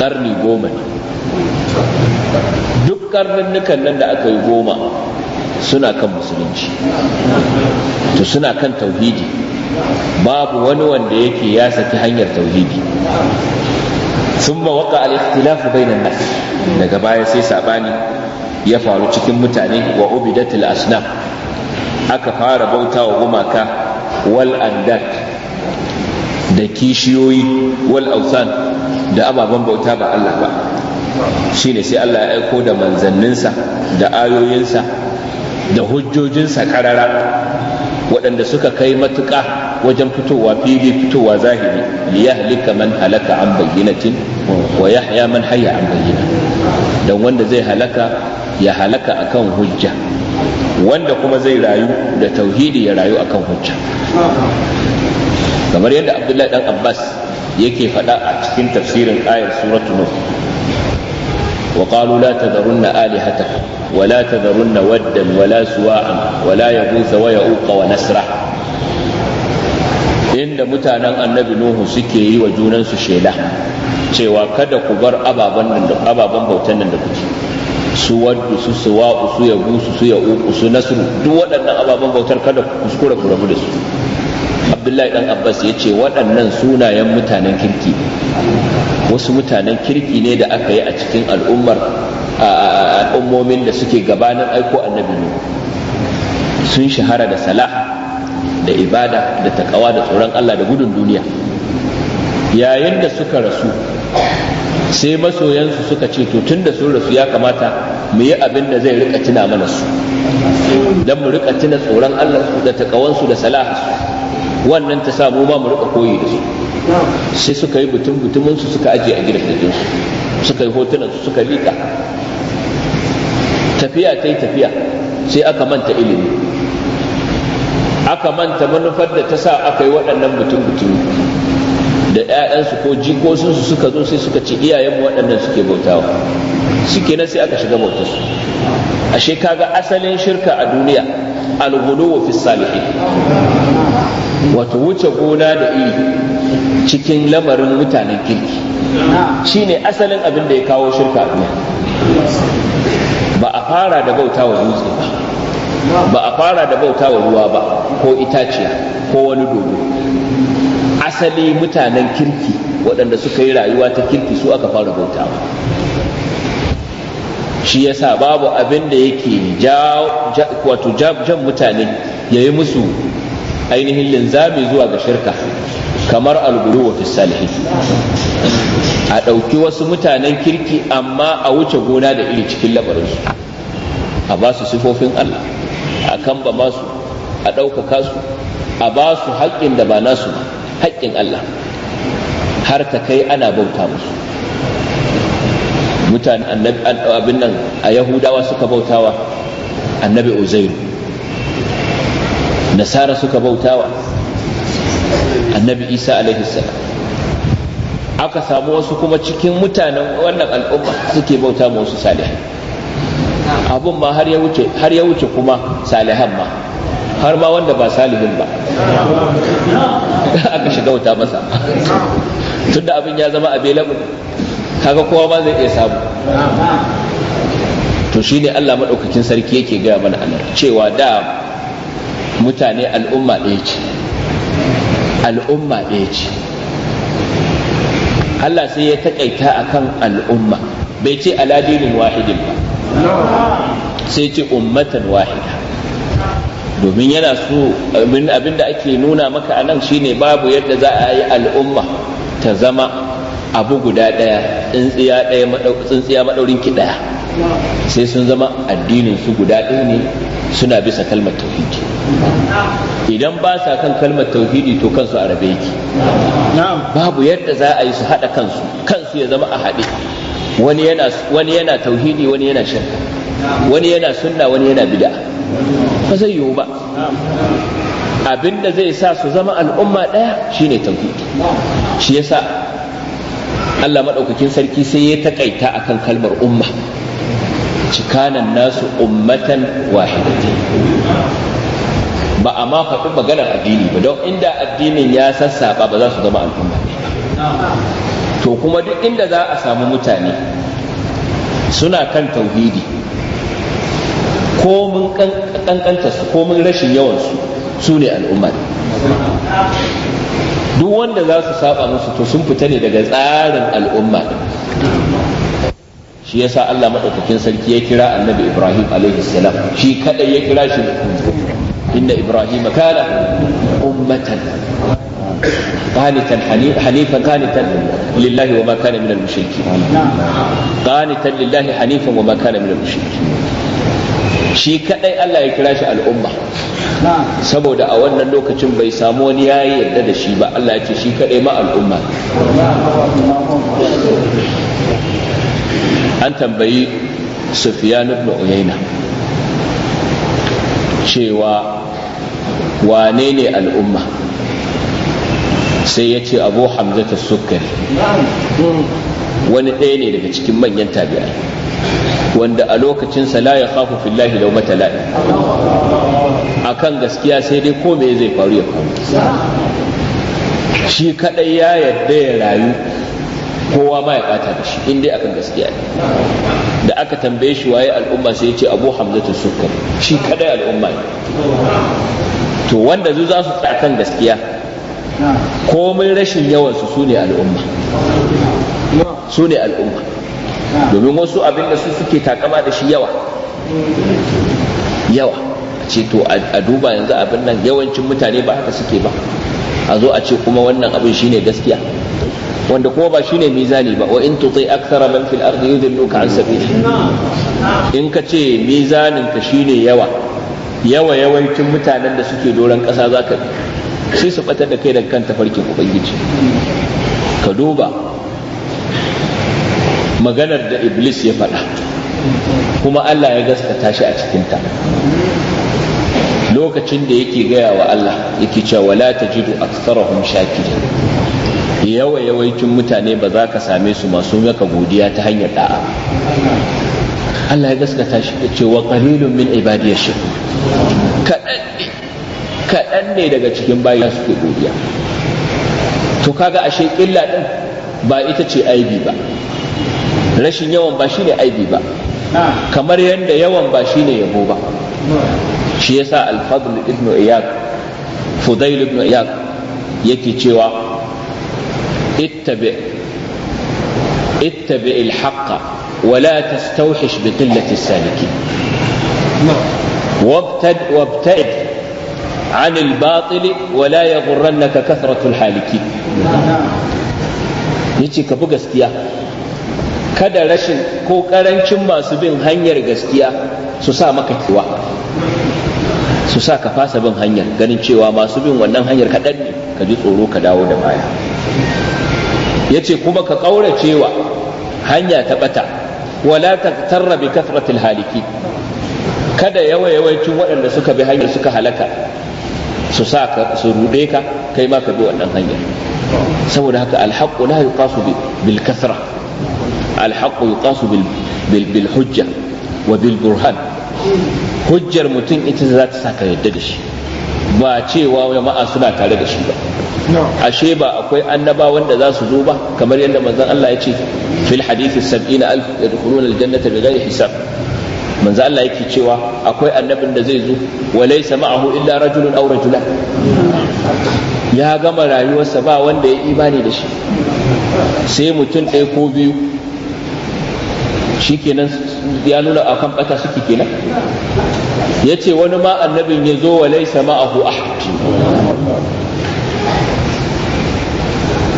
karni goma ne duk karnannukan nan da aka yi goma suna kan musulunci to suna kan tauhidi babu wani wanda yake ya saki hanyar tauhidi ثم وقع الاختلاف بين الناس daga baya sai sabani ya faru cikin mutane wa ubidatul asnaf aka fara bauta wa gumaka wal andat da kishiyoyi wal ausan da ababen bauta ba Allah ba shine sai Allah ya aiko da manzanninsa da ayoyinsa da hujjojinsa karara waɗanda suka kai matuƙa wajen fitowa fili fitowa zahiri liyahlika man halaka an bayyinatin wa yahya man hayya an bayyina dan wanda zai halaka ya halaka akan hujja wanda kuma zai rayu da tauhidi ya rayu akan hujja kamar yadda abdullahi dan abbas yake faɗa a cikin tafsirin ayar suratu nuh وقالوا لا تذرن آلهتكم ولا تذرن ودا ولا سواعا ولا يغوث wa ونسرا inda mutanen annabi nuhu suke yi wa junansu shela cewa kada ku bar ababen nan da ababen bautan nan da kuke su waddu su suwa'u su yagusu su ya uku su nasru duk waɗannan ababen bautar kada ku kuskura ku rabu da su abdullahi dan abbas ya ce waɗannan sunayen mutanen kirki wasu mutanen kirki ne da aka yi a cikin al'ummar al'ummomin da suke gabanin aiko annabi ne sun shahara da salaha da ibada da takawa da tsoron allah da gudun duniya yayin da suka rasu sai masoyansu suka ce to tun da sun rasu ya kamata mu yi abin da zai rika tuna mana su don mu rika tuna tsoron Allah da takawansu da salahansu wannan ta samu ma mu rika koyi da su sai suka yi butun butumin su suka ajiye a gidajen su suka yi hotunan su suka lika tafiya ta yi tafiya sai aka manta ilimi aka manta manufar da ta sa aka yi waɗannan butun butumi da ƴaƴansu ko jikosinsu suka zo sai suka ci iyayenmu waɗannan suke bautawa shi kenan sai aka shiga bautarsu ashe kaga asalin shirka a duniya alhudu fi salihin wato wuce gona da iri cikin lamarin mutanen kirki shine asalin abin da ya kawo shirka a ba a fara da bauta wa dutse ba ba a fara da bauta wa ruwa ba ko itaciya ko wani dogo asali mutanen kirki waɗanda suka yi rayuwa ta kirki su aka fara bautawa shi yasa babu abin da yake wato jan mutane ya yi musu ainihin linzami zuwa ga shirka kamar alguru wata salihin a ɗauki wasu mutanen kirki amma a wuce gona da iri cikin labarinsu a ba su sifofin allah a kamba masu a ɗaukaka su a ba su haƙƙin da ba nasu haƙƙin allah har ta kai ana bauta musu mutane abin nan a yahudawa suka bautawa annabi uzairu nasara suka bautawa annabi isa alaihi salam aka samu wasu kuma cikin mutanen wannan al'umma suke bauta ma wasu salihai abun ma har ya wuce kuma salihan ma har ma wanda ba salihin ba aka shiga wuta masa tunda abin ya zama abelamu kaga kowa ba zai iya samu to shi ne Allah madaukakin sarki yake gaya mana anan cewa da mutane al'umma ɗaya ce al'umma ɗaya ce Allah sai ya takaita akan al'umma bai ce aladinin wahidin ba sai ce ummatan wahida domin yana so abin da ake nuna maka anan shine babu yadda za a yi al'umma ta zama abu guda ɗaya tsintsiya maɗaurin ki ɗaya sai sun zama addinin su guda ɗaya ne suna bisa kalmar tauhidi idan ba sa kan kalmar tauhidi to kansu a rabe yake babu yadda za a yi su haɗa kansu kansu ya zama a haɗe wani yana wani yana tauhidi wani yana shirka wani yana sunna wani yana bid'a ba zai yiwu ba abinda zai sa su zama al'umma ɗaya shine tauhidi shi yasa Allah maɗaukakin sarki sai ya takaita akan kalmar umma cikanan nasu ummatan wahidati ba a ma faɗi maganar addini ba don inda addinin ya sassaɓa ba za su zama al'umma to kuma duk inda za a samu mutane suna kan tauhidi ko mun kankanta su ko mun rashin yawan su su ne al'umma duk wanda za su saba musu to sun fita ne daga tsarin al'umma shi yasa Allah madaukakin sarki ya kira annabi Ibrahim alaihi salam shi kadai ya kira shi inna Ibrahim kana ummatan wa حنيفا قانتا لله وما كان من المشركين قانتا لله حنيفا وما min al المشركين shi kadai Allah ya kira shi al'umma saboda a wannan lokacin bai samu wani ya yi yarda da shi ba Allah ya ce shi kadai ma al'umma an tambayi Sufyan ibn Uyayna cewa wane ne al'umma sai ya ce abu hamzata sukari wani ɗaya ne daga cikin manyan tabi'ai wanda a lokacin sa la ya khafu fillahi law mata la'i akan gaskiya sai dai ko me zai faru ya faru shi kadai ya yadda ya rayu kowa ma ya bata da shi in dai akan gaskiya ne da aka tambaye shi waye al'umma sai ya ce abu hamzatu sukkar shi kadai al'umma ne to wanda zu za su tsakan gaskiya komai rashin yawansu su ne al'umma su ne al'umma domin wasu abin da su suke takama da shi yawa yawa a ce to a duba yanzu abin nan yawancin mutane ba haka suke ba a zo a ce kuma wannan abin shine gaskiya wanda kuma ba shine mizani ba wa in tuti akthara man fil ardi yudilluka an sabili in ka ce mizanin ka shine yawa yawa yawancin mutanen da suke doron kasa zaka sai su batar da kai daga kan tafarkin ubangiji ka duba maganar da iblis ya faɗa kuma Allah ya gaskata shi a cikinta lokacin da yake gaya wa Allah yake cewa wala tajidu aktsarahum shakirin yawa yawaicin mutane ba za ka same su masu maka godiya ta hanyar da'a Allah ya gaskata shi ya ce wa qalilun min ibadiyash shakur kaɗan ne daga cikin bayan suke godiya to kaga ashe illa ɗin ba ita ce aibi ba rashin yawan ba shine aibi ba kamar yadda yawan ba shine yabo ba shi yasa al-fadl ibn iyak fudail ibn iyak yake cewa ittabi ittabi al-haqq wa la tastawhish bi qillati as-salikin وابتد وابتعد عن الباطل ولا يغرنك كثرة الحالكين yace ka bi gaskiya kada rashin ko karancin masu bin hanyar gaskiya su sa maka kiwa su sa ka fasa bin hanyar ganin cewa masu bin wannan hanyar kaɗan ne ka ji tsoro ka dawo da baya ya ce kuma ka ƙauracewa hanya ta ɓata wala ta tarra bi haliki kada yawa yawancin waɗanda suka bi hanyar suka halaka su sa ka su rude ka kai ma ka bi wannan hanyar saboda haka alhaqqu la yuqasu bil kasra alhaqqu yuqasu bil bil hujja wa bil hujjar mutum ita zata ta saka yadda da shi ba cewa jama'a suna tare da shi ba ashe ba akwai annaba wanda za su zo ba kamar yadda manzon Allah ya ce fil hadithi 70000 yadkhuluna aljannata bighairi hisab manzo Allah yake cewa akwai annabin da zai zo wa laysa hudu illa rajulun aure rajulan ya gama rayuwarsa ba wanda ya imani da shi sai mutum ɗaya ko biyu kenan ya nuna a kan ɓata suke kenan ce wani ma annabin ya zo wa laisa ma'ahu ahad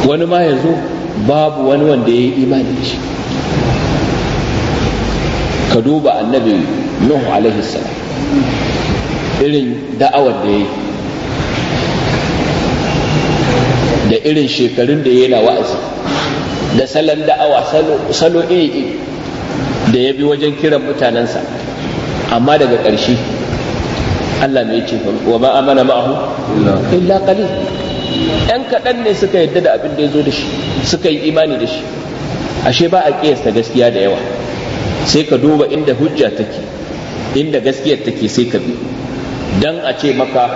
wani ma ya zo babu wani wanda ya yi imani da shi ka duba annabi nuhu alaihi salam irin da'awar da ya yi da irin shekarun da ya yi na wa'azi da salon da'awa salo iri da ya bi wajen kiran mutanensa amma daga ƙarshe Allah mai ce wa ma amana ma'ahu illa qalil yan kaɗan ne suka yadda da abin da ya zo da shi suka yi imani da shi ashe ba a ƙiyasta gaskiya da yawa sai ka duba inda hujja take inda gaskiyar take sai ka bi dan a ce maka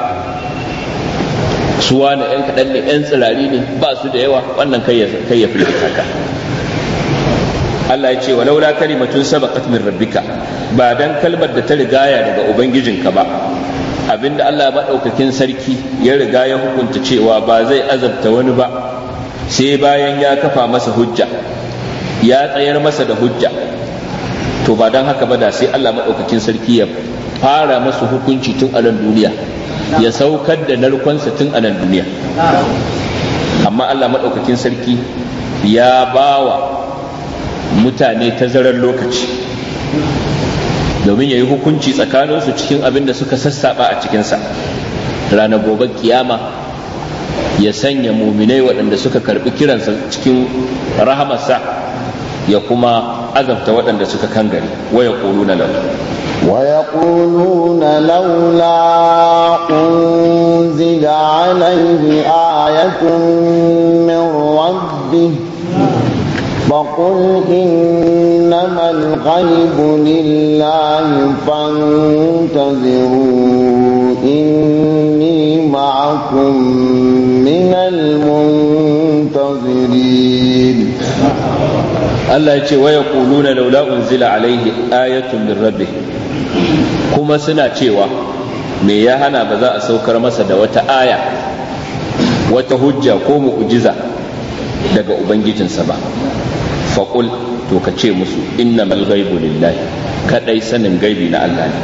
suwa na yan kaɗan ne yan tsirari ne ba su da yawa wannan kai ya fi Allah ya ce wa laula kalimatun sabaqat min rabbika ba dan kalmar da ta rigaya daga ubangijinka ba abinda Allah maɗaukakin sarki ya riga ya hukunta cewa ba zai azabta wani ba sai bayan ya kafa masa hujja ya tsayar masa da hujja to ba dan haka ba da sai Allah maɗaukakin sarki ya fara masa hukunci tun a duniya ya saukar da narkonsa tun a nan duniya amma Allah maɗaukakin sarki ya bawa mutane tazarar lokaci domin ya yi hukunci tsakaninsu cikin abin da suka sassaɓa a cikinsa rana gobe kiyama ya sanya muminai waɗanda suka karɓi kiransa cikin rahamarsa ya kuma azabta waɗanda suka gari waya ƙuluna laula ويقولون لولا أنزل عليه آية من وقل إنما الغيب لله فانتظروا إني معكم من المنتظرين الله يتي ويقولون لولا أنزل عليه آية من ربه كما سنة تيوى ميهانا بذاء hana ba وتآية وتهجى saukar أجزة da wata aya daga ubangijinsa ba faƙul to ka ce musu innamal ghaibu lillahi kaɗai sanin gaibi na Allah ne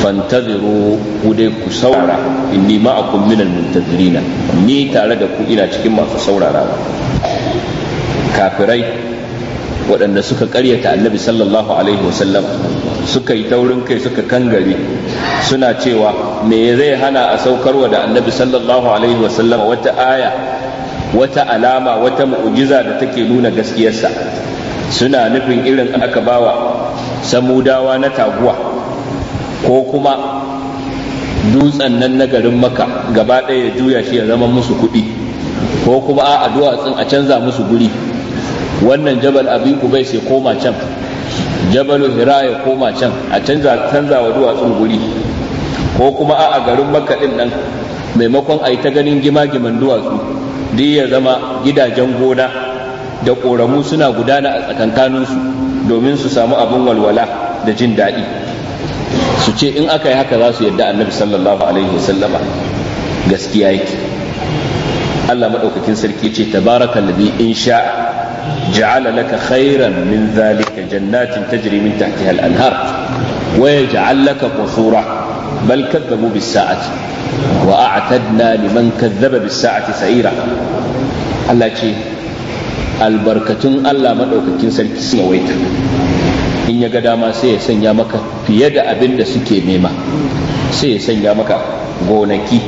fantaziru ku dai ku saurara inni a minal muntazirina ni tare da ku ina cikin masu saurarawa kafirai waɗanda suka ƙaryata annabi sallallahu alaihi wasallam suka yi taurin kai suka kangare suna cewa me zai hana a saukarwa da annabi sallallahu alaihi wasallam wata aya wata alama wata mu'jiza da take nuna gaskiyarsa suna nufin irin aka bawa samudawa na taguwa ko kuma dutsen nan na garin maka gaba ɗaya ya juya shi ya zama musu kuɗi ko kuma a duwatsun a canza musu guri wannan jabal abi bai sai koma can jabalu hira ya koma can a canza canza wa duwatsun guri ko kuma a garin maka ɗin nan maimakon a yi ta ganin gima-giman duwatsu duk ya zama gidajen gona da ƙoramu suna gudana a tsakankaninsu domin su samu abin walwala da jin daɗi su ce in aka yi haka za su yadda annabi sallallahu alaihi wasallama gaskiya yake Allah maɗaukakin sarki ce tabaraka ladhi in sha ja'ala laka khairan min zalika jannatin tajri min tahtiha al-anhar wa yaj'al laka qusura bal kadzabu bis-sa'ati wa a'tadna liman kazzaba bis sa'ati sa'ira Allah ce albarkatun Allah madaukakin sarki sun yawaita in ya ga dama sai ya sanya maka fiye da abin da suke nema sai ya sanya maka gonaki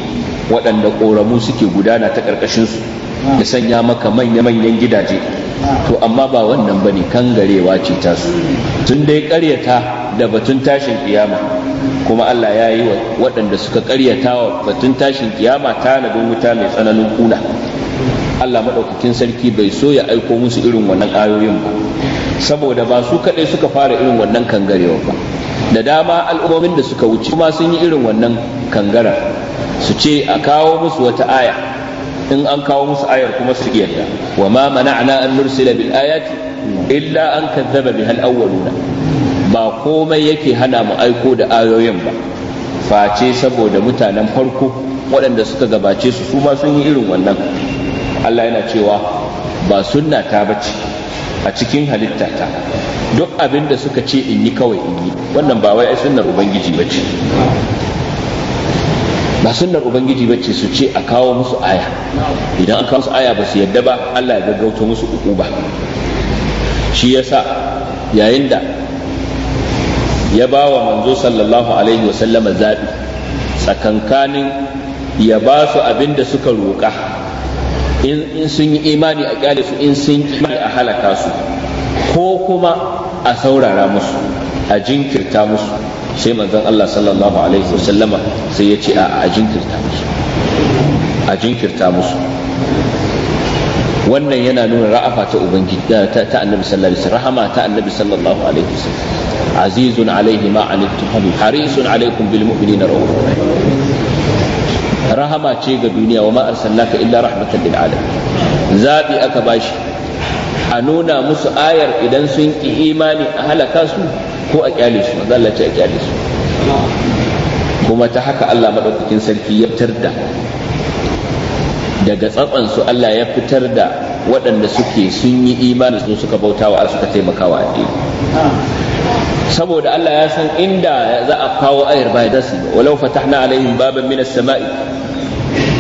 waɗanda ƙoramu suke gudana ta ƙarƙashinsu ya sanya maka manya-manyan gidaje to amma ba wannan bane kangarewa ce ta su tun dai karyata da batun tashin kiyama kuma Allah ya yi waɗanda suka karyata wa batun tashin kiyama tanadin wuta mai tsananin kuna Allah maɗaukakin sarki bai so ya aiko musu irin wannan ayoyin ba saboda ba su kaɗai suka fara irin wannan kangarewa ba da dama al'ummomin da suka wuce kuma sun yi irin wannan kangara su ce a kawo musu wata aya in an kawo musu ayar kuma su yarda wa ma mana'na an nursila bil ayati illa an kadzaba bi al awwaluna ba komai yake hana mu aiko da ayoyin ba face saboda mutanen farko waɗanda suka gabace su su ma sun yi irin wannan Allah yana cewa ba sunna ta bace a cikin halitta ta duk abin da suka ce in yi kawai in yi wannan ba wai ai sunnar ubangiji bace ba sunnar ubangiji ba ce su ce a kawo musu aya idan an kawo musu aya ba su yadda ba Allah ya gaggauta musu uku ba shi yasa yayin da ya ba wa manzo sallallahu alaihi sallama zaɓi tsakankanin ya ba su abin da suka roƙa in sun yi imani a ƙyale su in sun imani a halaka su ko kuma a saurara musu a jinkirta musu sai manzon Allah sallallahu alaihi wasallama sai ya ce a jinkirta musu a jinkirta musu wannan yana nuna ra'afa ta ubangiji ta annabi sallallahu alaihi rahama ta annabi sallallahu alaihi wasallam azizun alaihi ma anittum harisun alaikum bil mu'minina rauf rahama ce ga duniya wa ma arsalnaka illa rahmatan lil alamin zabi aka bashi a nuna musu ayar idan sun ki imani a halaka su ko a ƙyale su Allah ce a ƙyale su kuma ta haka Allah madaukakin sarki ya fitar da daga tsatsan su Allah ya fitar da waɗanda suke sun yi imani su suka bautawa suka taimakawa addini saboda Allah ya san inda za a kawo ayar ba da su walau fatahna alaihim baban min as-sama'i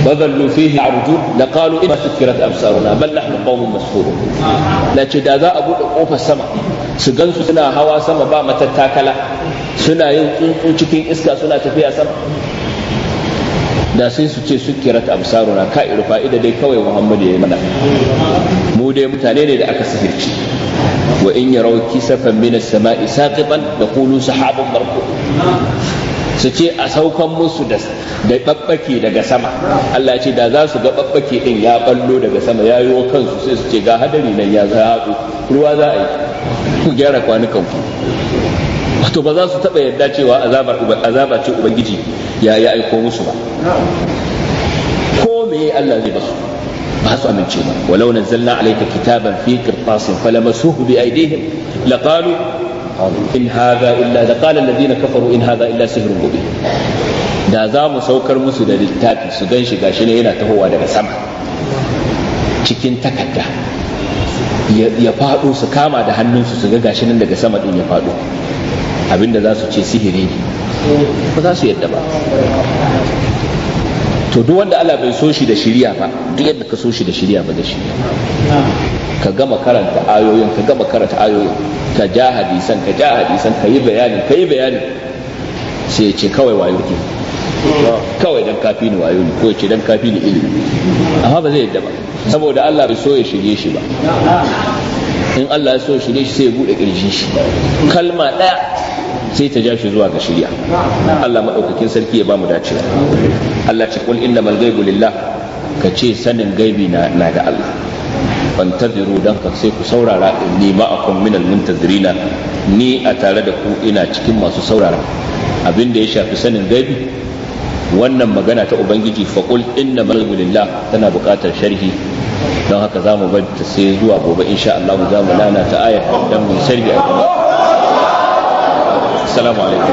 وظلوا فيه عرجون لقالوا إما سكرت أبصارنا بل نحن قوم مسحورون لكن da za a buɗe ƙofar sama su gansu suna hawa sama ba matattakala suna yin tsuntsu cikin iska suna tafiya sama da sai su ce sukirat absaruna ka irfa ida dai kawai muhammadu ya yi mana mu mutane ne da aka sihirci wa in yarau kisafan min as-sama'i saqiban da qulu sahabun marku su ce a saukan musu da babbake daga sama Allah ya ce da za su ga babbake din ya ballo daga sama ya yiwo kansu sai su ce ga hadari nan ya zaɓo ruwa za a yi ku gyara kwanukan ku wato ba za su taba yarda cewa azaba ce ubangiji ya ya aiko musu ba ko me Allah zai basu ba su amince ba walau nazzalna alayka kitaban fi qirtasin falamasuhu bi aydihim laqalu in hadha illa da qala alladhina kafaru in haza illa sihrun mubin da za mu saukar musu da littafi su gan shi gashi ne yana tahowa daga sama cikin takarda ya faɗo su kama da hannunsu su ga gashi nan daga sama din ya faɗo abinda za su ce sihiri ne ba za su yadda ba to duk wanda Allah bai so shi da shirya ba duk yadda ka so shi da shari'a ba da shi ka gama karanta ayoyin ka gama karanta ayoyin ka ja hadisan ka ja hadisan ka yi bayanin ka yi bayanin sai ya ce kawai wayo ke kawai dan kafi ni wayo ne ko ya ce dan kafi ni ilimi amma ba zai yadda ba saboda Allah bai so ya shirye shi ba in Allah ya so ya shirye shi sai ya bude kirjin shi kalma daya sai ta ja shi zuwa ga shirya Allah madaukakin sarki ya ba mu dacewa Allah ce kul innamal ghaibu lillah ka ce sanin gaibi na ga Allah fantaziru dan ka sai ku saurara a ma'akum minal muntazirina ni a tare da ku ina cikin masu saurara abin da ya shafi sanin gaibi wannan magana ta ubangiji faƙul inna malgulillah tana buƙatar sharhi don haka za mu ta sai zuwa gobe insha Allah za mu lana ta aya dan mu sharhi a gaba assalamu alaikum